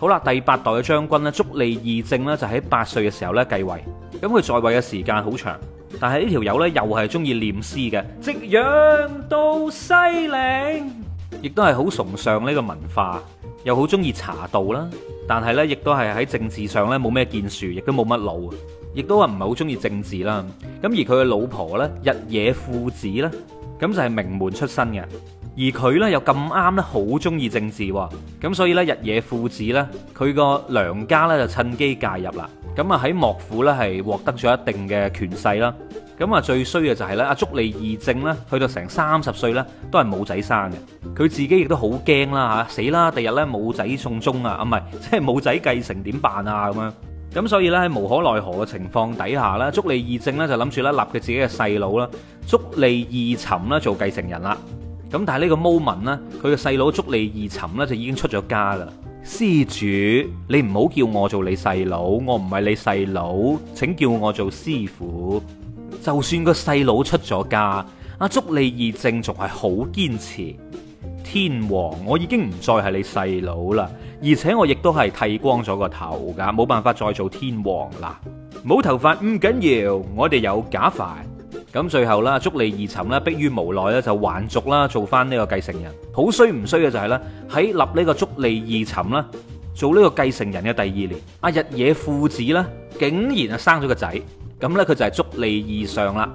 好啦，第八代嘅將軍咧，足利義政咧就喺、是、八歲嘅時候咧繼位，咁、嗯、佢在位嘅時間好長，但係呢條友咧又係中意念詩嘅，夕陽到西嶺，亦都係好崇尚呢個文化，又好中意茶道啦，但係咧亦都係喺政治上咧冇咩建樹，亦都冇乜腦，亦都話唔係好中意政治啦，咁、嗯、而佢嘅老婆咧日野富子啦，咁、嗯、就係、是、名門出身嘅。而佢咧又咁啱咧，好中意政治喎，咁所以咧日夜父子咧，佢個娘家咧就趁機介入啦。咁啊喺幕府咧係獲得咗一定嘅權勢啦。咁啊最衰嘅就係咧阿足利義政咧，去到成三十歲咧都係冇仔生嘅。佢自己亦都好驚啦嚇死啦，第日咧冇仔送終啊，唔係即係冇仔繼承點辦啊咁樣咁，所以咧喺無可奈何嘅情況底下咧，足利義政咧就諗住咧立佢自己嘅細佬啦，足利義臣啦做繼承人啦。咁但係呢個 moment 呢，佢個細佬祝利二沉呢，就已經出咗家啦。施主，你唔好叫我做你細佬，我唔係你細佬，請叫我做師傅。就算個細佬出咗家，阿祝利二正仲係好堅持。天王，我已經唔再係你細佬啦，而且我亦都係剃光咗個頭噶，冇辦法再做天王啦。冇頭髮唔緊要，我哋有假髮。咁最後啦，足利義尋咧逼於無奈咧，就還俗啦，做翻呢個繼承人。好衰唔衰嘅就係、是、咧，喺立呢個足利義尋啦，做呢個繼承人嘅第二年，阿日野富子咧，竟然啊生咗個仔。咁呢，佢就係足利義尚啦。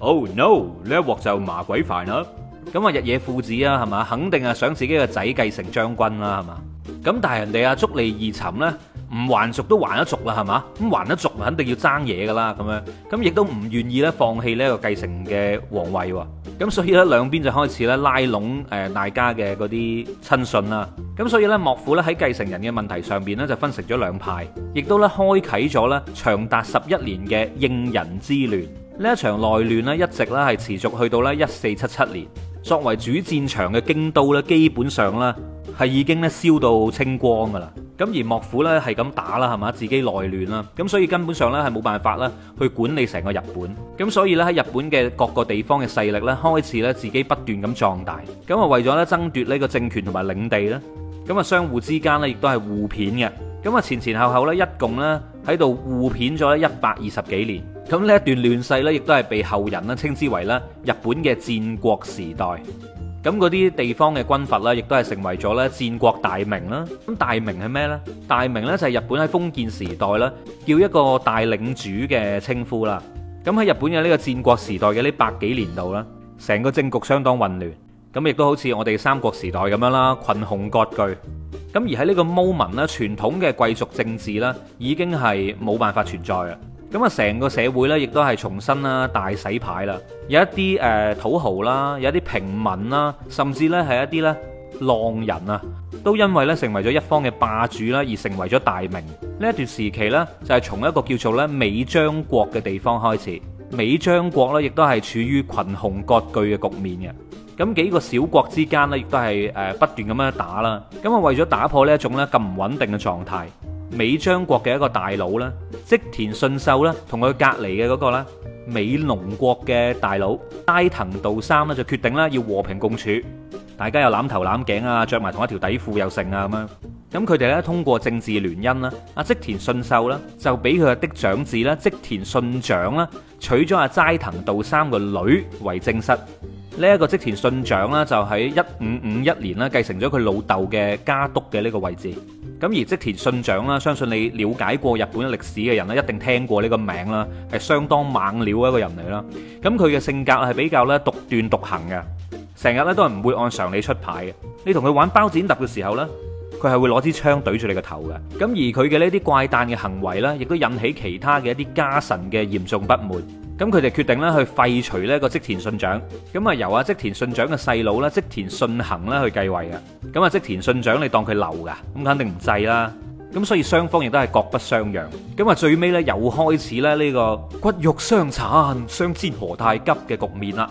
Oh no！呢一鑊就麻鬼煩啦。咁啊、嗯、日野富子啊，係嘛，肯定係想自己嘅仔繼承將軍啦，係嘛。咁但係人哋阿足利義尋呢。唔還俗都還一俗啦，係嘛？咁還一俗，肯定要爭嘢噶啦。咁樣咁亦都唔願意咧放棄呢一個繼承嘅皇位喎。咁所以咧，兩邊就開始咧拉攏誒大家嘅嗰啲親信啦。咁所以咧幕府咧喺繼承人嘅問題上邊咧就分成咗兩派，亦都咧開啟咗咧長達十一年嘅應仁之亂。呢一場內亂咧一直咧係持續去到咧一四七七年。作為主戰場嘅京都咧，基本上咧係已經咧燒到清光噶啦。咁而幕府咧係咁打啦，係咪？自己內亂啦，咁所以根本上咧係冇辦法啦，去管理成個日本。咁所以咧喺日本嘅各個地方嘅勢力咧，開始咧自己不斷咁壯大。咁啊為咗咧爭奪呢個政權同埋領地咧，咁啊相互之間咧亦都係互騙嘅。咁啊前前後後咧一共咧喺度互騙咗一百二十幾年。咁呢一段亂世咧，亦都係被後人咧稱之為咧日本嘅戰國時代。咁嗰啲地方嘅軍閥啦，亦都係成為咗咧戰國大名啦。咁大名係咩呢？大名呢，就係日本喺封建時代啦，叫一個大領主嘅稱呼啦。咁喺日本嘅呢個戰國時代嘅呢百幾年度啦，成個政局相當混亂，咁亦都好似我哋三國時代咁樣啦，群雄割據。咁而喺呢個 moment 咧，傳統嘅貴族政治咧已經係冇辦法存在啦。咁啊，成個社會咧，亦都係重新啦，大洗牌啦。有一啲誒、呃、土豪啦，有一啲平民啦，甚至咧係一啲咧浪人啊，都因為咧成為咗一方嘅霸主啦，而成為咗大名。呢一段時期咧，就係從一個叫做咧尾張國嘅地方開始。尾張國咧，亦都係處於群雄割據嘅局面嘅。咁幾個小國之間咧，亦都係誒不斷咁樣打啦。咁啊，為咗打破呢一種咧咁唔穩定嘅狀態。美張國嘅一個大佬呢，織田信秀呢，同佢隔離嘅嗰個呢，美農國嘅大佬齋藤道咁而織田信長啦，相信你了解過日本歷史嘅人咧，一定聽過呢個名啦，係相當猛料一個人嚟啦。咁佢嘅性格係比較咧獨斷獨行嘅，成日咧都係唔會按常理出牌嘅。你同佢玩包剪揼嘅時候呢，佢係會攞支槍懟住你個頭嘅。咁而佢嘅呢啲怪誕嘅行為呢，亦都引起其他嘅一啲家臣嘅嚴重不滿。咁佢哋決定咧去廢除呢個織田信長，咁啊由啊織田信長嘅細佬咧織田信行咧去繼位啊，咁啊織田信長你當佢流噶，咁肯定唔制啦，咁所以雙方亦都係各不相讓，咁啊最尾咧又開始咧呢個骨肉相殘、相煎何太急嘅局面啦，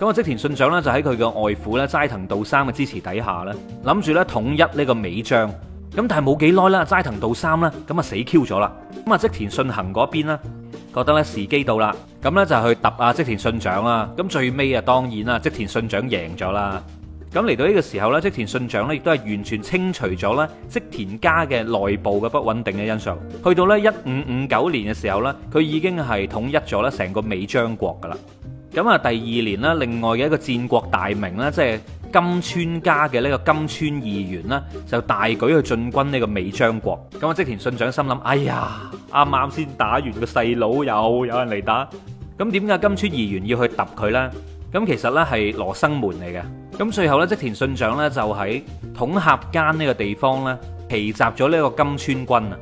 咁啊織田信長咧就喺佢嘅外父咧齋藤道三嘅支持底下咧，諗住咧統一呢個尾張，咁但係冇幾耐啦，齋藤道三咧咁啊死 Q 咗啦，咁啊織田信行嗰邊咧。覺得咧時機到啦，咁咧就去揼阿織田信長啦。咁最尾啊，當然啦，織田信長贏咗啦。咁嚟到呢個時候咧，織田信長咧亦都係完全清除咗咧織田家嘅內部嘅不穩定嘅因素。去到咧一五五九年嘅時候咧，佢已經係統一咗咧成個尾張國噶啦。咁啊，第二年呢，另外嘅一個戰國大名呢，即係。金川家嘅呢個金川義元呢，就大舉去進軍呢個美張國。咁啊，織田信長心諗：哎呀，啱啱先打完個細佬，又有人嚟打。咁點解金川義元要去揼佢呢？咁其實呢係羅生門嚟嘅。咁最後呢，織田信長呢就喺統合間呢個地方呢，奇襲咗呢個金川軍啊！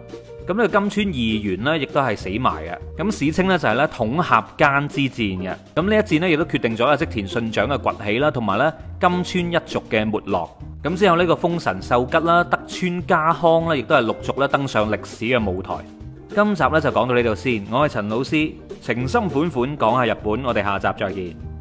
咁咧今川義元呢，亦都係死埋嘅，咁史稱呢，就係呢桶狹間之戰嘅，咁呢一戰呢，亦都決定咗啊織田信長嘅崛起啦，同埋呢今川一族嘅沒落，咁之後呢個豐臣秀吉啦、德川家康咧亦都係陸續咧登上歷史嘅舞台。今集呢，就講到呢度先，我係陳老師，情深款款講下日本，我哋下集再見。